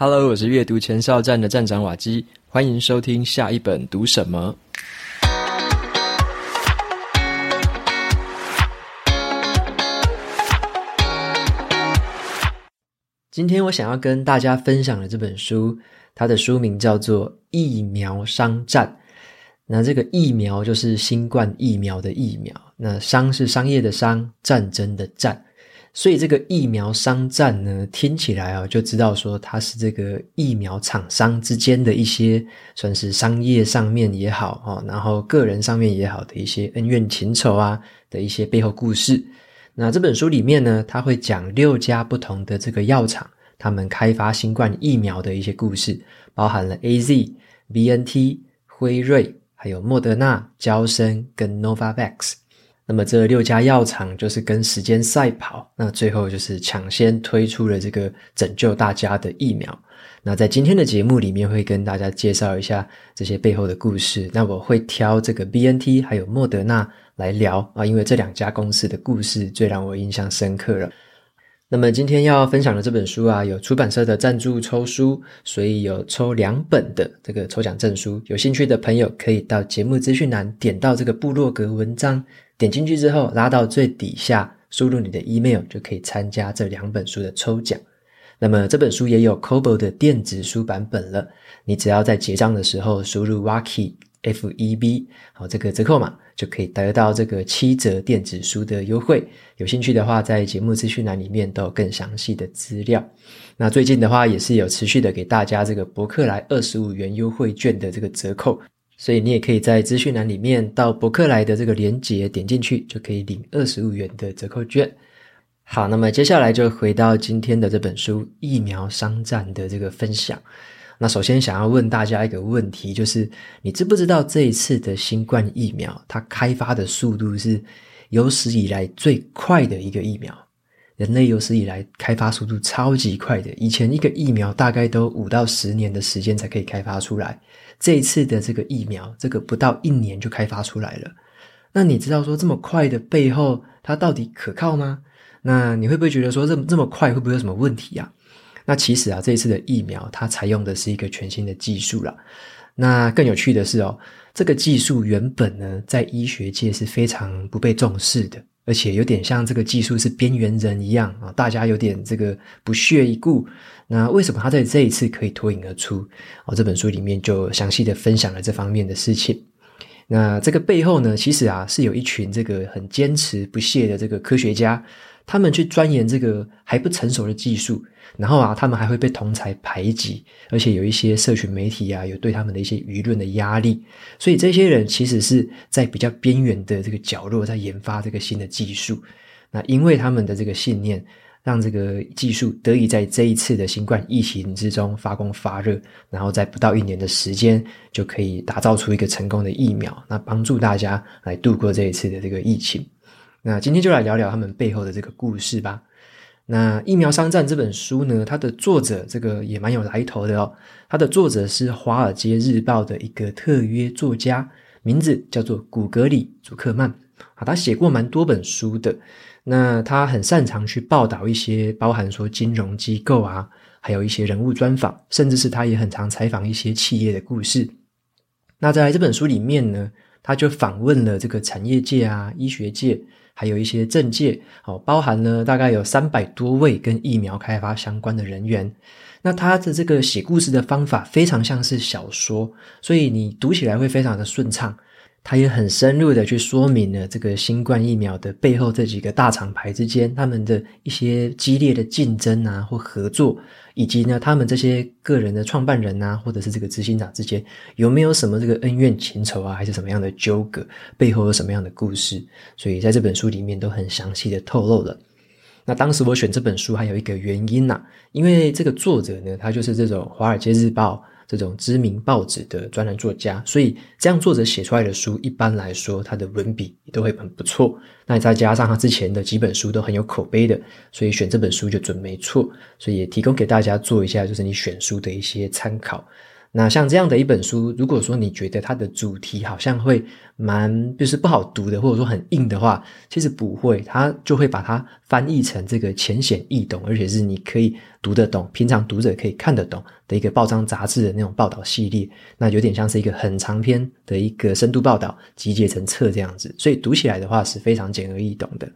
Hello，我是閱讀前哨站的站長瓦基，歡迎收聽下一本讀什麼。今天我想要跟大家分享的這本書，它的書名叫做《疫苗商戰》。那這個疫苗就是新冠疫苗的疫苗，那商是商業的商，戰爭的戰。所以這個疫苗商戰呢，聽起來啊，就知道說它，是這個疫苗廠商之間的一些，算是商業上面也好，哈，然後個人上面也好的一些恩怨情仇啊的一些背後故事。那這本書裡面呢，他會講六家不同的這個藥廠，他們開發新冠疫苗的一些故事，包含了 AZ、BNT、輝瑞、還有莫德納、嬌生跟 Novavax。那麼這六家藥廠就是跟時間賽跑，那最後就是搶先推出了這個拯救大家的疫苗。那在今天的節目裡面會跟大家介紹一下這些背後的故事。那我會挑這個 BNT 還有莫德納來聊啊，因為這兩家公司的故事最讓我印象深刻了。那麼今天要分享的這本書啊，有出版社的贊助抽書，所以有抽兩本的這個抽獎證書。有興趣的朋友可以到節目資訊欄點到這個部落格文章。點進去之後，拉到最底下，輸入你的 email 就可以參加這兩本書的抽獎。那麼這本書也有 Kobo 的電子書版本了，你只要在結賬的時候輸入 Waki FEB，好這個折扣碼就可以得到這個七折電子書的優惠。有興趣的話，在節目資訊欄裡面都有更詳細的資料。那最近的話，也是有持續的給大家這個博客來二十五元優惠券的這個折扣。所以你也可以在資訊欄裡面到博客來的這個鏈接點進去，就可以領二十五元的折扣券。好，那麼接下來就回到今天的這本書《疫苗商戰》的這個分享。那首先想要問大家一個問題，就是你知不知道這一次的新冠疫苗，它開發的速度是有史以來最快的一個疫苗，人類有史以來開發速度超級快的。以前一個疫苗大概都五到十年的時間才可以開發出來。這一次的這個疫苗，這個不到一年就開發出來了。那你知道說這麼快的背後，它到底可靠嗎？那你會不會覺得說這這麼快會不會有什麼問題啊？那其實啊，這一次的疫苗它採用的是一個全新的技術啦。那更有趣的是哦，這個技術原本呢在醫學界是非常不被重視的。而且有點像這個技術是邊緣人一樣啊，大家有點這個不屑一顧。那為什麼他在這一次可以脫穎而出？哦，這本書裡面就詳細的分享了這方面的事情。那這個背後呢，其實啊是有一群這個很堅持不懈的這個科學家。他們去鑽研這個還不成熟的技術，然後啊，他們還會被同儕排擠，而且有一些社群媒體啊，有對他們的一些輿論的壓力。所以這些人其實是在比較邊緣的這個角落，在研發這個新的技術。那因為他們的這個信念，讓這個技術得以在這一次的新冠疫情之中發光發熱，然後在不到一年的時間，就可以打造出一個成功的疫苗，那幫助大家來度過這一次的這個疫情。那今天就來聊聊他們背後的這個故事吧。那《疫苗商戰》這本書呢，它的作者這個也蠻有來頭的哦。它的作者是《華爾街日報》的一個特約作家，名字叫做古格里·祖克曼。啊，他寫過蠻多本書的。那他很擅長去報道一些包含說金融機構啊，還有一些人物專訪，甚至是他也很常採訪一些企業的故事。那在這本書裡面呢，他就訪問了這個產業界啊、醫學界。還有一些政界，哦，包含了大概有三百多位跟疫苗開發相關的人員。那他的這個寫故事的方法非常像是小說，所以你讀起來會非常的順暢。他也很深入的去說明了這個新冠疫苗的背後這幾個大廠牌之間，他們的一些激烈的競爭啊，或合作，以及呢，他們這些個人的創辦人吶、啊，或者是這個執行長之間，有沒有什麼這個恩怨情仇啊，還是什麼樣的糾葛，背後有什麼樣的故事？所以在這本書裡面都很詳細的透露了。那當時我選這本書還有一個原因呢、啊，因為這個作者呢，他就是這種《華爾街日報》。這種知名報紙的專欄作家，所以這樣作者寫出來的書，一般來說他的文筆都會很不錯。那再加上他之前的幾本書都很有口碑的，所以選這本書就準沒錯。所以也提供給大家做一下，就是你選書的一些參考。那像這樣的一本書，如果說你覺得它的主題好像會蠻就是不好讀的，或者說很硬的話，其實不會，它就會把它翻譯成這個淺顯易懂，而且是你可以讀得懂、平常讀者可以看得懂的一個報章雜誌的那種報道系列，那有點像是一個很長篇的一個深度報道集結成冊這樣子，所以讀起來的話是非常簡而易懂的。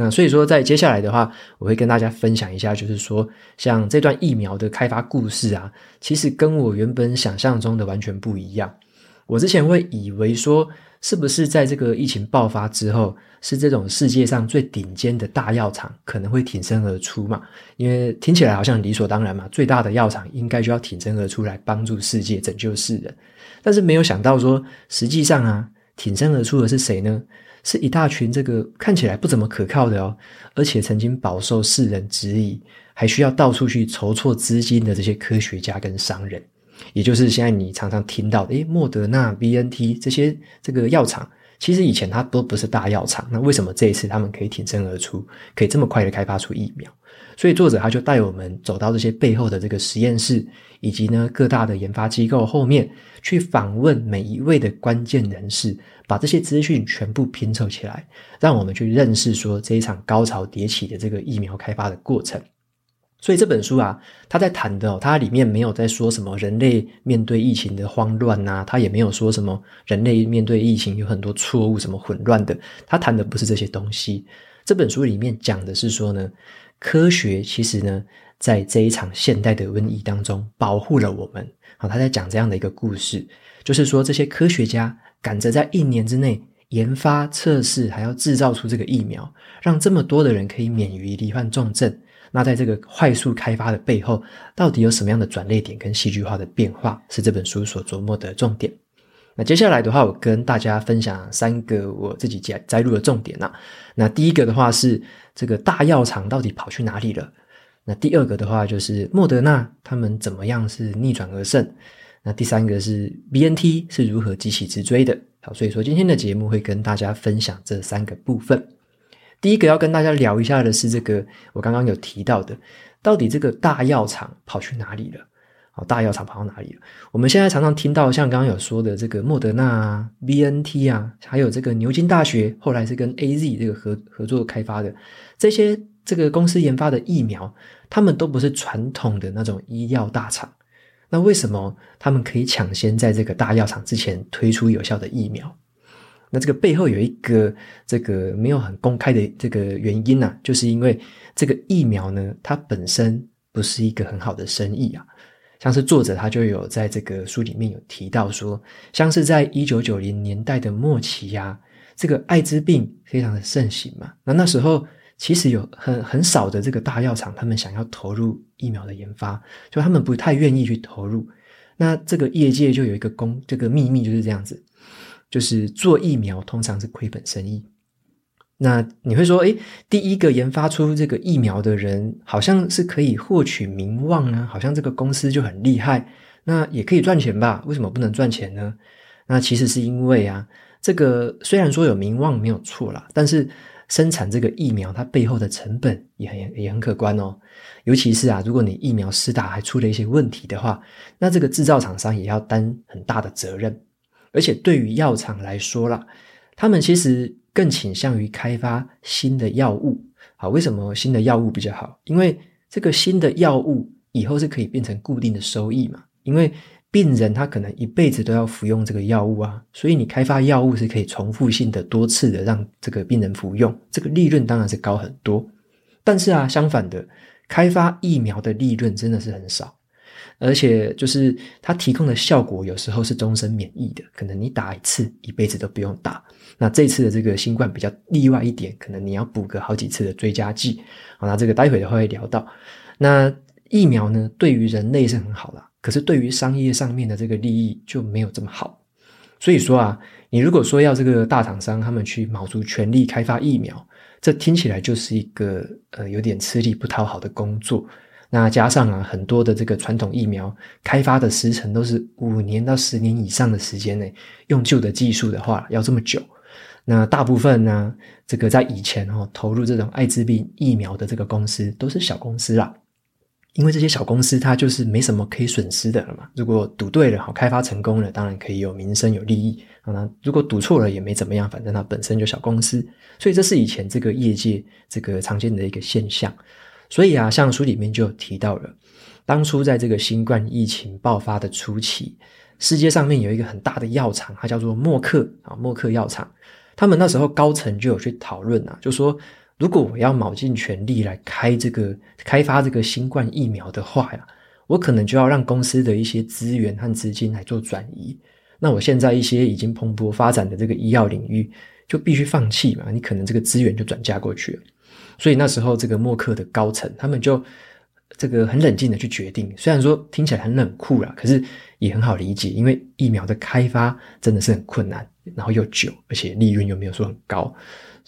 那所以說，在接下來的話，我會跟大家分享一下，就是說，像這段疫苗的開發故事啊，其實跟我原本想象中的完全不一樣。我之前會以為說，是不是在這個疫情爆發之後，是這種世界上最頂尖的大藥廠可能會挺身而出嘛？因為聽起來好像理所當然嘛，最大的藥廠應該就要挺身而出來幫助世界拯救世人。但是沒有想到說，實際上啊，挺身而出的是誰呢？是一大群這個看起來不怎麼可靠的哦，而且曾經飽受世人質疑，還需要到處去籌措資金的這些科學家跟商人，也就是現在你常常聽到的，誒莫德納、BNT 這些這個藥廠，其實以前它都不是大藥廠。那為什麼這一次他們可以挺身而出，可以這麼快的開發出疫苗？所以作者他就帶我們走到這些背後的這個實驗室。以及呢，各大的研發機構後面去訪問每一位的關鍵人士，把這些資訊全部拼湊起來，讓我們去認識說這一場高潮迭起的這個疫苗開發的過程。所以這本書啊，它在談的哦，它裡面沒有在說什麼人類面對疫情的慌亂吶啊，它也沒有說什麼人類面對疫情有很多錯誤什麼混亂的，它談的不是這些東西。這本書裡面講的是說呢，科學其實呢。在這一場現代的瘟疫當中，保護了我們。好，他在講這樣的一個故事，就是說這些科學家趕着在一年之內研發、測試，還要製造出這個疫苗，讓這麼多的人可以免於罹患重症。那在這個快速開發的背後，到底有什麼樣的轉捩點跟戲劇化的變化，是這本書所琢磨的重點。那接下來的話，我跟大家分享三個我自己摘摘錄的重點吶、啊。那第一個的話是這個大藥廠到底跑去哪裡了？那第二個的話就是莫德納他們怎麼樣是逆轉而勝？那第三個是 BNT 是如何急起直追的？好，所以說今天的節目會跟大家分享這三個部分。第一個要跟大家聊一下的是這個，我剛剛有提到的，到底這個大藥廠跑去哪裡了？好，大藥廠跑到哪裡了？我們現在常常聽到像剛剛有說的這個莫德納啊、啊 BNT 啊，還有這個牛津大學後來是跟 AZ 這個合合作開發的這些。這個公司研發的疫苗，他們都不是傳統的那種醫藥大廠。那為什麼他們可以搶先在這個大藥廠之前推出有效的疫苗？那這個背後有一個這個沒有很公開的這個原因呢，就是因為這個疫苗呢，它本身不是一個很好的生意啊。像是作者他就有在這個書裡面有提到說，像是在一九九零年代的末期呀，這個艾滋病非常的盛行嘛。那那時候，其實有很很少的這個大藥廠，他們想要投入疫苗的研發，就他們不太願意去投入。那這個業界就有一個公這個秘密就是這樣子，就是做疫苗通常是虧本生意。那你會說，誒，第一個研發出這個疫苗的人好像是可以獲取名望呢？啊，好像這個公司就很厲害，那也可以賺錢吧？為什麼不能賺錢呢？那其實是因為啊，這個雖然說有名望沒有錯啦，但是。生產這個疫苗，它背後的成本也很也很可觀哦。尤其是啊，如果你疫苗施打還出了一些問題的話，那這個製造廠商也要擔很大的責任。而且對於藥廠來說啦，他們其實更傾向於開發新的藥物。好，為什麼新的藥物比較好？因為這個新的藥物以後是可以變成固定的收益嘛，因為。病人他可能一輩子都要服用這個藥物啊，所以你開發藥物是可以重複性的多次的讓這個病人服用，這個利潤當然是高很多。但是啊，相反的，開發疫苗的利潤真的是很少，而且就是它提供的效果有時候是終身免疫的，可能你打一次，一輩子都不用打。那這次的這個新冠比較例外一點，可能你要補個好幾次的追加劑啊，那這個待會的話會聊到。那疫苗呢，對於人類是很好的啊。可是，對於商業上面的這個利益就沒有這麼好。所以說啊，你如果說要這個大廠商他們去卯足全力開發疫苗，這聽起來就是一個呃有點吃力不討好的工作。那加上啊，很多的這個傳統疫苗開發的時程都是五年到十年以上的時間內，用舊的技術的話要這麼久。那大部分呢，這個在以前哦投入這種艾滋病疫苗的這個公司都是小公司啦。因為這些小公司，它就是沒什麼可以損失的了嘛。如果賭對了，好開發成功了，當然可以有名聲、有利益。啊，如果賭錯了也沒怎麼樣，反正它本身就小公司，所以這是以前這個業界這個常見的一個現象。所以啊，像書裡面就有提到了，當初在這個新冠疫情爆發的初期，世界上面有一個很大的藥廠，它叫做默克啊，默克藥廠。他們那時候高層就有去討論啊，就說，如果我要卯盡全力來開這個開發這個新冠疫苗的話呀，我可能就要讓公司的一些資源和資金來做轉移。那我現在一些已經蓬勃發展的這個醫藥領域就必須放棄嘛？你可能這個資源就轉嫁過去了。所以那時候這個默克的高層他們就這個很冷靜的去決定，雖然說聽起來很冷酷啦，可是也很好理解，因為疫苗的開發真的是很困難，然後又久，而且利潤又沒有說很高。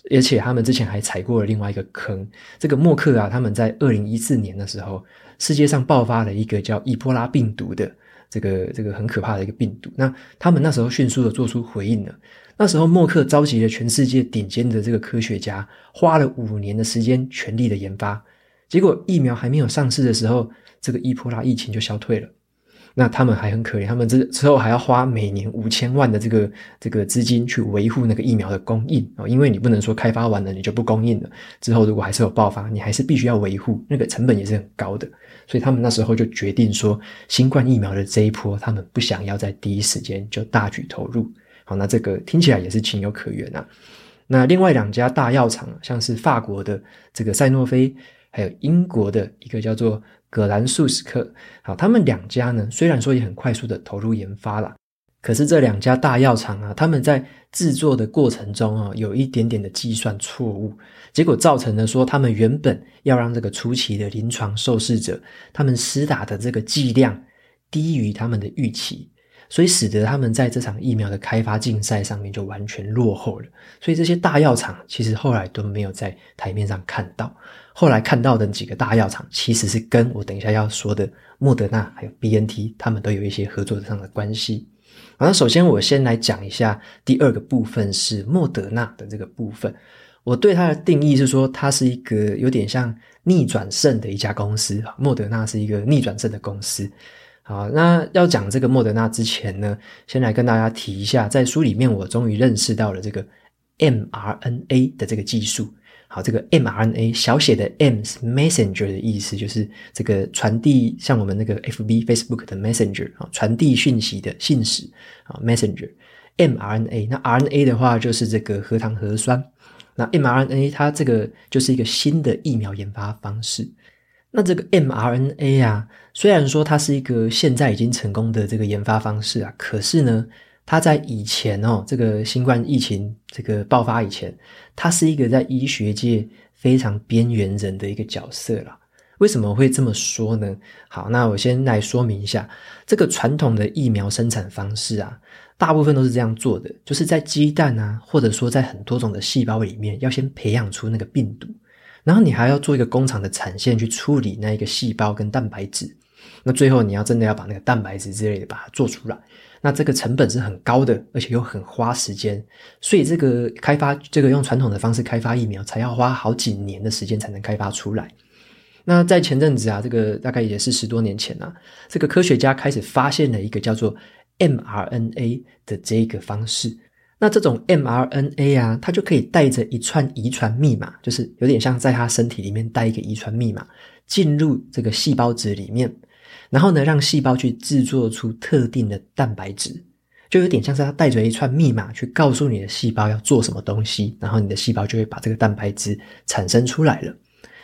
而且他們之前還踩過了另外一個坑。這個默克啊，他們在二零一四年的時候，世界上爆發了一個叫伊波拉病毒的這個這個很可怕的一個病毒。那他們那時候迅速的做出回應了。那時候默克召集了全世界頂尖的這個科學家，花了五年的時間全力的研發。結果疫苗還沒有上市的時候，這個伊波拉疫情就消退了。那他們還很可憐，他們之之後還要花每年五千萬的這個這個資金去維護那個疫苗的供應啊，因為你不能說開發完了你就不供應了，之後如果還是有爆發，你還是必須要維護，那個成本也是很高的，所以他們那時候就決定說，新冠疫苗的這一波他們不想要在第一時間就大舉投入。好，那這個聽起來也是情有可原啊。那另外兩家大藥廠，像是法國的這個賽諾菲，還有英國的一個叫做。葛蘭素史克，好，他們兩家呢，雖然說也很快速的投入研發了，可是這兩家大藥廠啊，他們在制作的過程中啊、喔，有一點點的計算錯誤，結果造成了說，他們原本要讓這個初期的臨床受試者他們施打的這個劑量低於他們的預期，所以使得他們在這場疫苗的開發競賽上面就完全落後了，所以這些大藥廠其實後來都沒有在台面上看到。後來看到的幾個大藥廠，其實是跟我等一下要說的莫德納還有 BNT 他們都有一些合作上的關係。好，那首先我先來講一下第二個部分，是莫德納的這個部分。我對它的定義是說，它是一個有點像逆轉勝的一家公司。莫德納是一個逆轉勝的公司。好，那要講這個莫德納之前呢，先來跟大家提一下，在書裡面我終於認識到了這個 mRNA 的這個技術。好，這個 mRNA 小寫的 m 是 messenger 的意思，就是這個傳遞，像我們那個 fb Facebook 的 messenger 啊，傳遞訊息的信使啊，messenger mRNA。那 RNA 的話，就是這個核糖核酸。那 mRNA 它這個就是一個新的疫苗研發方式。那這個 mRNA 啊，雖然說它是一個現在已經成功的這個研發方式啊，可是呢，他在以前哦，這個新冠疫情這個爆發以前，他是一個在醫學界非常邊緣人的一個角色啦。為什麼會這麼說呢？好，那我先來說明一下，這個傳統的疫苗生產方式啊，大部分都是這樣做的，就是在雞蛋啊，或者說在很多種的細胞裡面，要先培養出那個病毒，然後你還要做一個工廠的產線去處理那一個細胞跟蛋白質，那最後你要真的要把那個蛋白質之類的把它做出來。那這個成本是很高的，而且又很花時間，所以這個開發，這個用傳統的方式開發疫苗，才要花好幾年的時間才能開發出來。那在前陣子啊，這個大概也是十多年前啊，這個科學家開始發現了一個叫做 mRNA 的這個方式。那這種 mRNA 啊，它就可以帶着一串遺傳密碼，就是有點像在它身體裡面帶一個遺傳密碼，進入這個細胞質裡面。然後呢，讓細胞去制作出特定的蛋白質，就有點像是它帶着一串密碼去告訴你的細胞要做什麼東西，然後你的細胞就會把這個蛋白質產生出來了。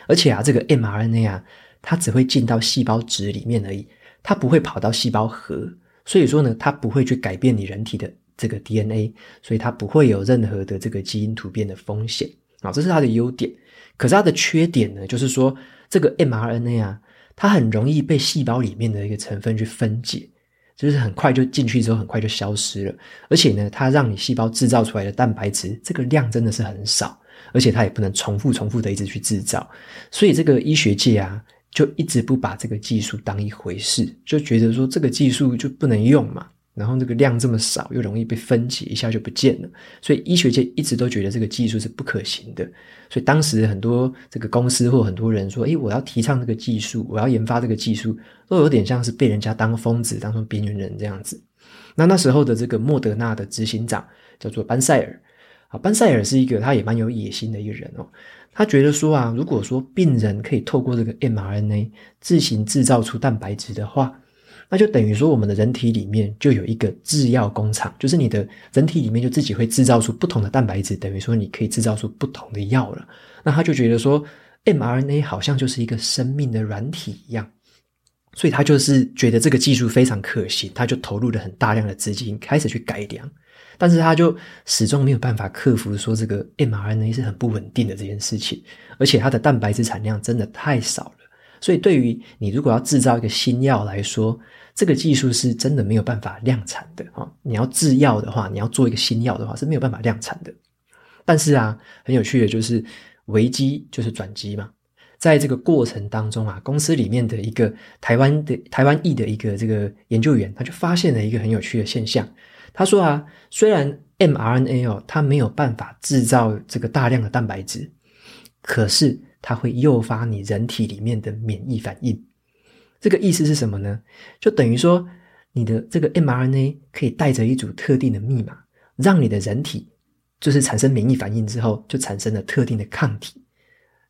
而且啊，這個 mRNA 啊，它只會進到細胞質裡面而已，它不會跑到細胞核，所以說呢，它不會去改變你人體的這個 DNA，所以它不會有任何的這個基因突變的風險啊，這是它的優點。可是它的缺點呢，就是說這個 mRNA 啊。它很容易被細胞裡面的一個成分去分解，就是很快就進去之後很快就消失了，而且呢，它讓你細胞制造出來的蛋白質這個量真的是很少，而且它也不能重複重複的一直去制造，所以這個醫學界啊就一直不把這個技術當一回事，就覺得說這個技術就不能用嘛。然後這個量這麼少，又容易被分解，一下就不見了。所以醫學界一直都覺得這個技術是不可行的。所以當時很多這個公司或很多人說：“哎，我要提倡這個技術，我要研發這個技術，都有點像是被人家當瘋子，當成邊緣人這樣子。”那那時候的這個莫德納的執行長叫做班塞爾，好，班塞爾是一個他也蠻有野心的一個人哦。他覺得說啊，如果說病人可以透過這個 mRNA 自行製造出蛋白質的話。那就等於說，我們的人體裡面就有一個製藥工廠，就是你的人體裡面就自己會製造出不同的蛋白質，等於說你可以製造出不同的藥了。那他就覺得說，mRNA 好像就是一個生命的軟體一樣，所以他就是覺得這個技術非常可行，他就投入了很大量的資金開始去改良，但是他就始終沒有辦法克服說這個 mRNA 是很不穩定的這件事情，而且它的蛋白質產量真的太少了。所以，對於你如果要製造一個新藥來說，這個技術是真的沒有辦法量產的啊！你要製藥的話，你要做一個新藥的話，是沒有辦法量產的。但是啊，很有趣的，就是危機就是轉機嘛。在這個過程當中啊，公司裡面的一個台灣的台灣裔的一個這個研究員，他就發現了一個很有趣的現象。他說啊，雖然 mRNA 哦，它沒有辦法製造這個大量的蛋白質，可是。它會誘發你人體裡面的免疫反應，這個意思是什麼呢？就等於說，你的這個 mRNA 可以帶着一組特定的密碼，讓你的人體就是產生免疫反應之後，就產生了特定的抗體。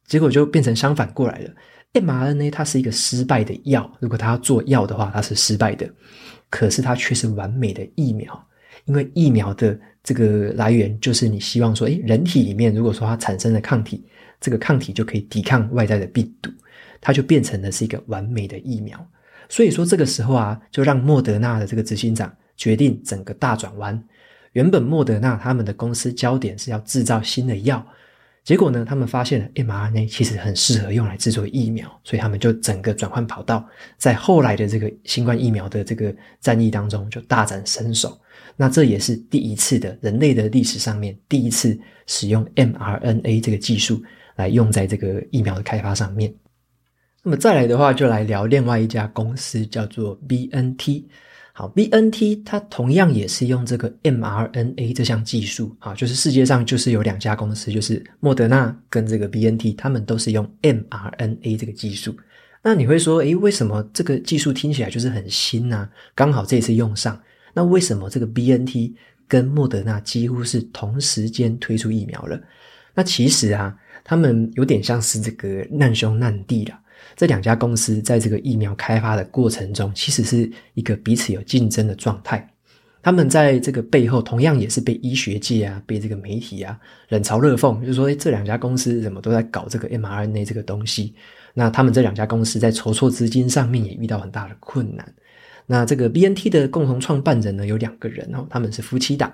結果就變成相反過來了。mRNA 它是一個失敗的藥，如果它要做藥的話，它是失敗的。可是它卻是完美的疫苗，因為疫苗的這個來源就是你希望說，哎，人體裡面如果說它產生了抗體。這個抗體就可以抵抗外在的病毒，它就變成了是一個完美的疫苗。所以說這個時候啊，就讓莫德納的這個執行長決定整個大轉彎。原本莫德納他們的公司焦點是要製造新的藥，結果呢，他們發現了 mRNA 其實很適合用來製作疫苗，所以他們就整個轉換跑道，在後來的這個新冠疫苗的這個戰役當中就大展身手。那這也是第一次的人類的歷史上面第一次使用 mRNA 這個技術，來用在這個疫苗的開發上面。那麼再來的話，就來聊另外一家公司，叫做 B N T。好，B N T 它同樣也是用這個 m R N A 這項技術啊，就是世界上就是有兩家公司，就是莫德納跟這個 B N T，他們都是用 m R N A 這個技術。那你會說，誒，為什麼這個技術聽起來就是很新呢？剛好這次用上，那為什麼這個 B N T 跟莫德納幾乎是同時間推出疫苗了？那其實啊。他們有點像是這個難兄難弟啦。這兩家公司在這個疫苗開發的過程中，其實是一個彼此有競爭的狀態。他們在這個背後，同樣也是被醫學界啊，被這個媒體啊冷嘲熱諷，就是說這兩家公司怎麼都在搞這個 mRNA 這個東西。那他們這兩家公司，在籌措資金上面也遇到很大的困難。那這個 BNT 的共同創辦人呢，有兩個人哦，他們是夫妻檔。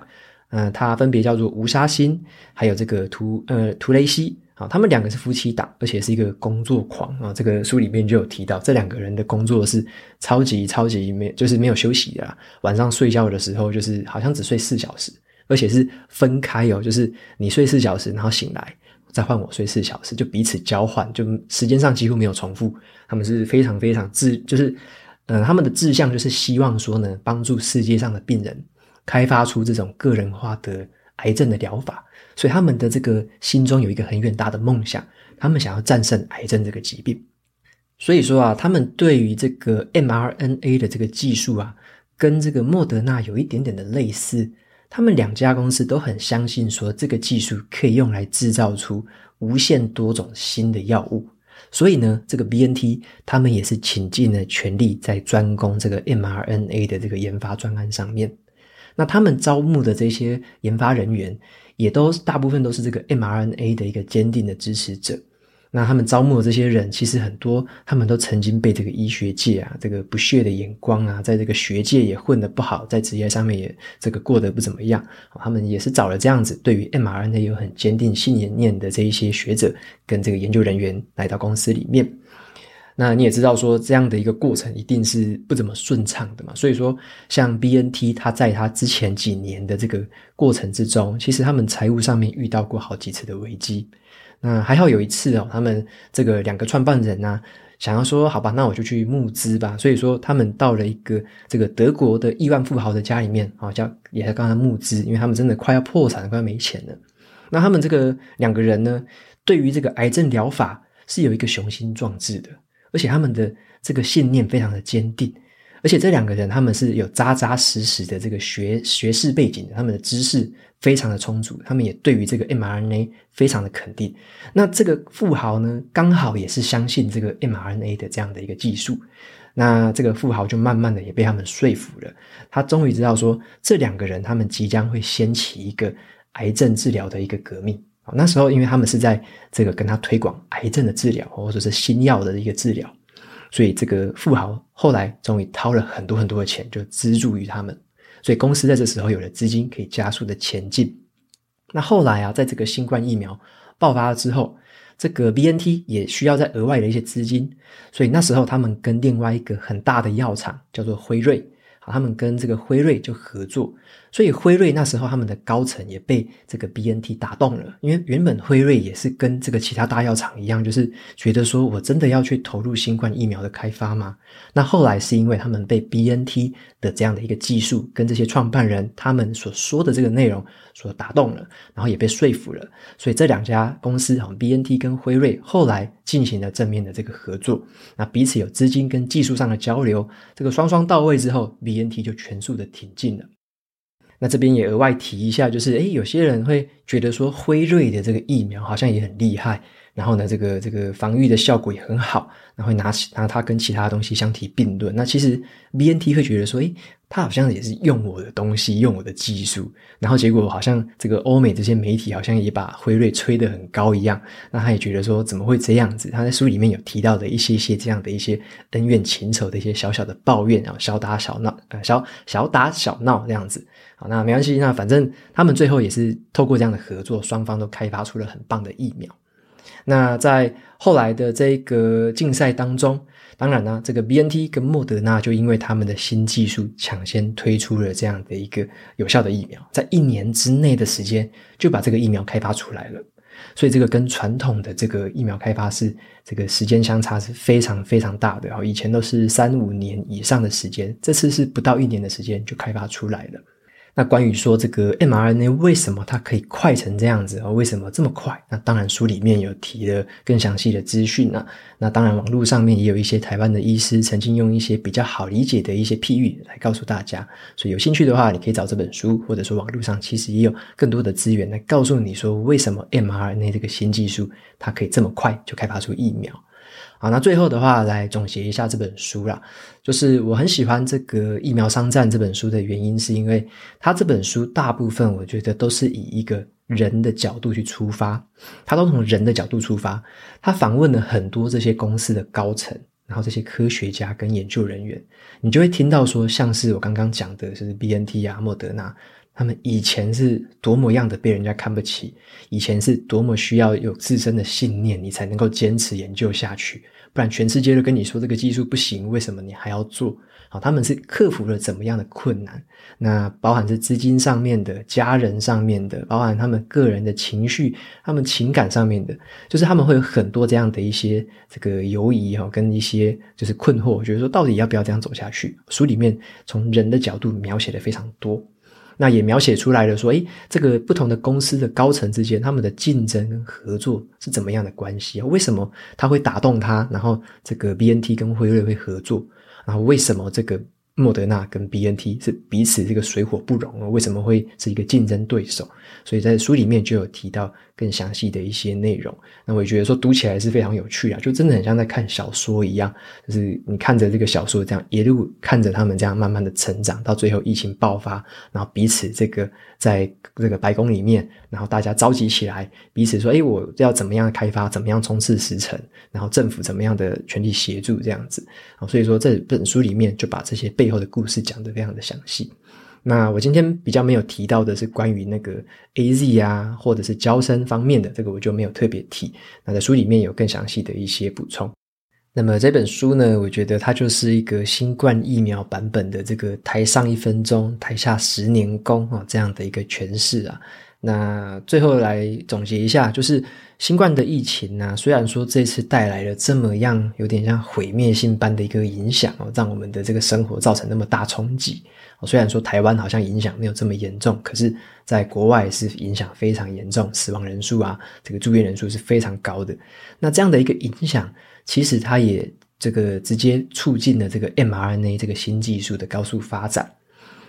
嗯，他分別叫做吳沙欣，還有這個圖呃圖雷西。好，他們兩個是夫妻檔，而且是一個工作狂啊、哦。這個書裡面就有提到，這兩個人的工作是超級超級沒，就是沒有休息的啦。晚上睡覺的時候，就是好像只睡四小時，而且是分開哦，就是你睡四小時，然後醒來再換我睡四小時，就彼此交換，就時間上幾乎沒有重複。他們是非常非常志，就是嗯、呃，他們的志向就是希望說呢，幫助世界上的病人，開發出這種個人化的癌症的療法。所以他們的這個心中有一個很遠大的夢想，他們想要戰勝癌症這個疾病。所以說啊，他們對於這個 mRNA 的這個技術啊，跟這個莫德納有一點點的類似。他們兩家公司都很相信，說這個技術可以用來製造出無限多種新的藥物。所以呢，這個 BNT 他們也是傾盡了全力在專攻這個 mRNA 的這個研發專案上面。那他們招募的這些研發人員，也都大部分都是這個 mRNA 的一個堅定的支持者。那他們招募的這些人，其實很多他們都曾經被這個醫學界啊，這個不屑的眼光啊，在這個學界也混得不好，在職業上面也這個過得不怎麼樣。他們也是找了這樣子，對於 mRNA 有很堅定信念念的這一些學者跟這個研究人員來到公司裡面。那你也知道，說這樣的一個過程一定是不怎麼順暢的嘛。所以說，像 BNT，他在他之前幾年的這個過程之中，其實他們財務上面遇到過好幾次的危機。那還好有一次哦，他們這個兩個創辦人呢、啊，想要說好吧，那我就去募資吧。所以說，他們到了一個這個德國的億萬富豪的家裡面啊、哦，叫也是剛剛募資，因為他們真的快要破產了，快要沒錢了。那他們這個兩個人呢，對於這個癌症療法是有一個雄心壯志的。而且他們的這個信念非常的堅定，而且這兩個人他們是有扎扎實實的這個學學士背景的，他們的知識非常的充足，他們也對於這個 mRNA 非常的肯定。那這個富豪呢，剛好也是相信這個 mRNA 的這樣的一個技術，那這個富豪就慢慢的也被他們說服了，他終於知道說這兩個人他們即將會掀起一個癌症治療的一個革命。啊，那時候因為他們是在這個跟他推廣癌症的治療，或者是新藥的一個治療，所以這個富豪後來終於掏了很多很多的錢，就資助於他們，所以公司在這時候有了資金，可以加速的前進。那後來啊，在這個新冠疫苗爆發了之後，這個 BNT 也需要再額外的一些資金，所以那時候他們跟另外一個很大的藥廠叫做輝瑞，他們跟這個輝瑞就合作。所以輝瑞那時候他們的高層也被這個 BNT 打動了，因為原本輝瑞也是跟這個其他大藥廠一樣，就是覺得說我真的要去投入新冠疫苗的開發嗎？那後來是因為他們被 BNT 的這樣的一個技術跟這些創辦人他們所說的這個內容所打動了，然後也被說服了。所以這兩家公司，好 BNT 跟輝瑞後來進行了正面的這個合作，那彼此有資金跟技術上的交流，這個雙雙到位之後，BNT 就全速的挺進了。那這邊也額外提一下，就是哎，有些人會覺得說，輝瑞的這個疫苗好像也很厲害，然後呢，這個這個防禦的效果也很好，然後會拿起拿它跟其他東西相提並論。那其實 BNT 會覺得說，哎，他好像也是用我的東西，用我的技術，然後結果好像這個歐美這些媒體好像也把輝瑞吹得很高一樣。那他也覺得說，怎麼會這樣子？他在書裡面有提到的一些些這樣的一些恩怨情仇的一些小小的抱怨，然後小打小鬧，呃，小小打小鬧這樣子。那沒關係，那反正他們最後也是透過這樣的合作，雙方都開發出了很棒的疫苗。那在後來的這個競賽當中，當然呢、啊，這個 BNT 跟莫德納就因為他們的新技術搶先推出了這樣的一個有效的疫苗，在一年之內的時間就把這個疫苗開發出來了。所以這個跟傳統的這個疫苗開發是這個時間相差是非常非常大的。哦，以前都是三五年以上的時間，這次是不到一年的時間就開發出來了。那關於說這個 mRNA 為什麼它可以快成這樣子啊、哦？為什麼這麼快？那當然書裡面有提了更詳細的資訊啊，那當然網絡上面也有一些台灣的醫師曾經用一些比較好理解的一些譬喻，來告訴大家。所以有興趣的話，你可以找這本書，或者說網絡上其實也有更多的資源來告訴你說為什麼 mRNA 這個新技術它可以這麼快就開發出疫苗。好，那最後的話來總結一下這本書啦。就是我很喜歡這個《疫苗商戰》這本書的原因，是因為它這本書大部分我覺得都是以一個人的角度去出發，嗯、它都從人的角度出發，他訪問了很多這些公司的高層，然後這些科學家跟研究人員，你就會聽到說，像是我剛剛講的就是 BNT 啊、莫德納。他們以前是多麼樣的被人家看不起，以前是多麼需要有自身的信念，你才能夠堅持研究下去，不然全世界都跟你說這個技術不行，為什麼你還要做？好，他們是克服了怎麼樣的困難？那包含是資金上面的、家人上面的，包含他們個人的情緒、他們情感上面的，就是他們會有很多這樣的一些這個猶疑哈，跟一些就是困惑，覺得說到底要不要這樣走下去？書裡面從人的角度描寫的非常多。那也描寫出來了，說，誒，這個不同的公司的高層之間，他們的競爭跟合作是怎麼樣的關係啊？為什麼他會打動他？然後這個 BNT 跟輝瑞會合作，然後為什麼這個莫德納跟 BNT 是彼此這個水火不容啊？為什麼會是一個競爭對手？所以在書裡面就有提到。更詳細的一些內容，那我覺得說讀起來是非常有趣啊，就真的很像在看小說一樣，就是你看着這個小說這樣一路看着他們這樣慢慢的成長，到最後疫情爆發，然後彼此這個在這個白宮裡面，然後大家召集起來，彼此說，哎，我要怎麼樣開發，怎麼樣衝刺時程，然後政府怎麼樣的全力協助，這樣子。所以說這本書裡面就把這些背後的故事講得非常的詳細。那我今天比較沒有提到的是關於那個 AZ 啊，或者是嬌生方面的，這個我就沒有特別提。那在書裡面有更詳細的一些補充。那麼這本書呢，我覺得它就是一個新冠疫苗版本的這個台上一分鐘，台下十年功啊，這樣的一個詮釋啊。那最後來總結一下，就是新冠的疫情呢，雖然說這次帶來了這麼樣有點像毀滅性般的一個影響哦，讓我們的這個生活造成那麼大衝擊。雖然說台灣好像影響沒有這麼嚴重，可是在國外是影響非常嚴重，死亡人數啊，這個住院人數是非常高的。那這樣的一個影響，其實它也這個直接促進了這個 mRNA 這個新技術的高速發展。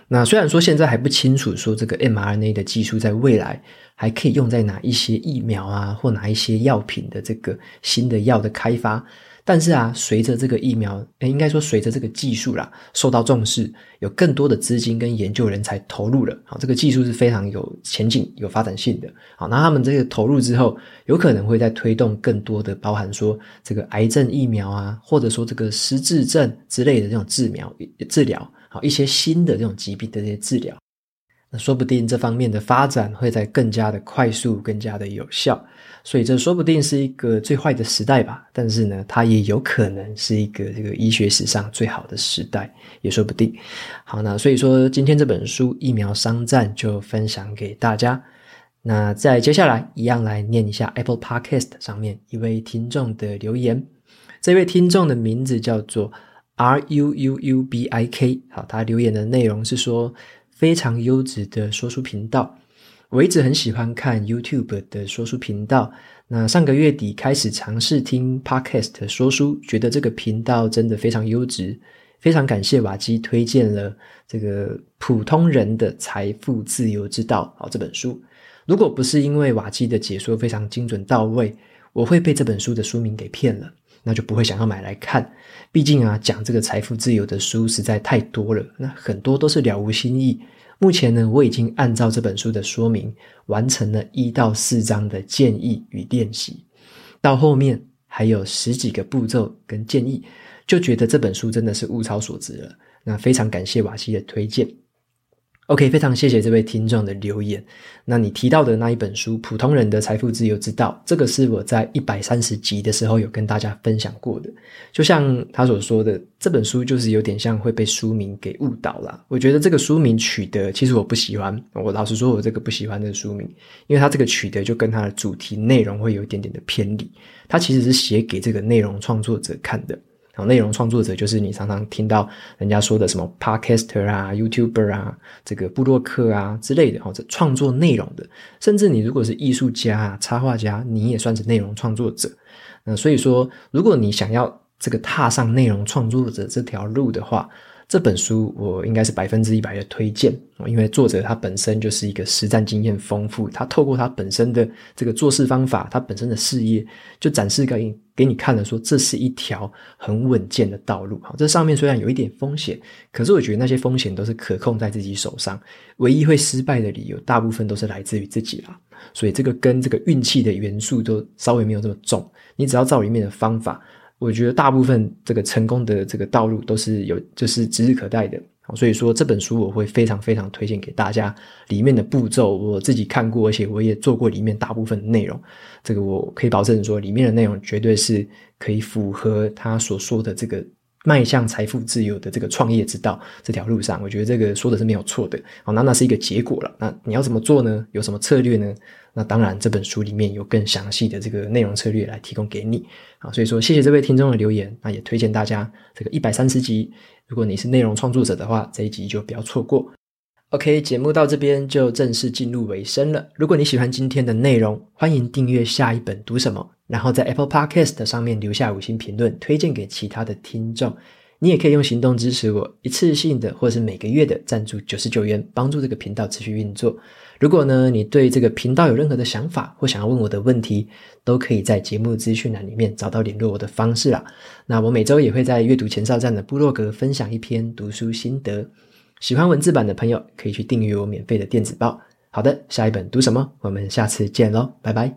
那雖然說現在還不清楚，說這個 mRNA 的技術在未來還可以用在哪一些疫苗啊，或哪一些藥品的這個新的藥的開發，但是啊，隨着這個疫苗，誒，應該說隨着這個技術啦，受到重視，有更多的資金跟研究人才投入了。好，這個技術是非常有前景、有發展性的。好，那他們這個投入之後，有可能會再推動更多的包含說這個癌症疫苗啊，或者說這個失智症之類的這種治療，治療。一些新的這種疾病的這些治療，那說不定這方面的發展會再更加的快速、更加的有效，所以這說不定是一個最壞的時代吧。但是呢，它也有可能是一個這個醫學史上最好的時代，也說不定。好，那所以說今天這本書《疫苗商戰》就分享給大家。那在接下來一樣來念一下 Apple Podcast 上面一位聽眾的留言，這位聽眾的名字叫做。R U U U B I K。好，他留言的內容是說，非常優質的說書頻道，我一直很喜歡看 YouTube 的說書頻道。那上個月底開始嘗試聽 Podcast 說書，覺得這個頻道真的非常優質。非常感謝瓦基推薦了這個普通人的財富自由之道，好，這本書。如果不是因為瓦基的解說非常精準到位，我會被這本書的書名給騙了。那就不會想要買來看，畢竟啊，講這個財富自由的書實在太多了，那很多都是了無新意。目前呢，我已經按照這本書的說明完成了一到四章的建議與練習，到後面還有十幾個步驟跟建議，就覺得這本書真的是物超所值了。那非常感謝瓦基的推薦。OK，非常謝謝這位聽眾的留言。那你提到的那一本書《普通人的財富自由之道》，這個是我在一百三十集的時候有跟大家分享過的。就像他所說的，這本書就是有點像會被書名給誤導了。我覺得這個書名取得，其實我不喜歡。我老實說，我這個不喜歡的書名，因為它這個取得就跟它的主題內容會有一點點的偏離。它其實是寫給這個內容創作者看的。然後，內容創作者就是你常常聽到人家說的什麼 podcaster 啊、YouTuber 啊、這個部落客啊之類的，或者創作內容的。甚至你如果是藝術家啊、插畫家，你也算是內容創作者。那所以說，如果你想要這個踏上內容創作者這條路的話，這本書我應該是百分之一百的推薦，因為作者他本身就是一個實戰經驗豐富，他透過他本身的這個做事方法，他本身的事業就展示給給你看了，說這是一條很穩健的道路。這上面雖然有一點風險，可是我覺得那些風險都是可控在自己手上，唯一會失敗的理由，大部分都是來自於自己啦。所以這個跟這個運氣的元素都稍微沒有這麼重，你只要照裡面的方法。我覺得大部分這個成功的這個道路都是有，就是指日可待的。所以說，這本書我會非常非常推薦給大家，裡面的步驟我自己看過，而且我也做過裡面大部分的內容，這個我可以保證說，裡面的內容絕對是可以符合他所說的這個。邁向財富自由的這個創業之道這條路上，我覺得這個說的是沒有錯的。好，那那是一個結果了。那你要怎麼做呢？有什麼策略呢？那當然這本書裡面有更詳細的這個內容策略來提供給你。啊，所以說謝謝這位聽眾的留言。那也推薦大家這個一百三十集，如果你是內容創作者的話，這一集就不要錯過。OK，節目到這邊就正式進入尾聲了。如果你喜歡今天的內容，歡迎訂閱下一本讀什麼。然後在 Apple Podcast 上面留下五星評論，推薦給其他的聽眾。你也可以用行動支持我，一次性的或是每個月的贊助九十九元，幫助這個頻道持續運作。如果呢，你對這個頻道有任何的想法或想要問我的問題，都可以在節目資訊欄裡面找到聯絡我的方式啦。那我每周也會在閱讀前哨站的部落格分享一篇讀書心得。喜歡文字版的朋友可以去訂閱我免費的電子報。好的，下一本讀什麼？我們下次見嘍，拜拜。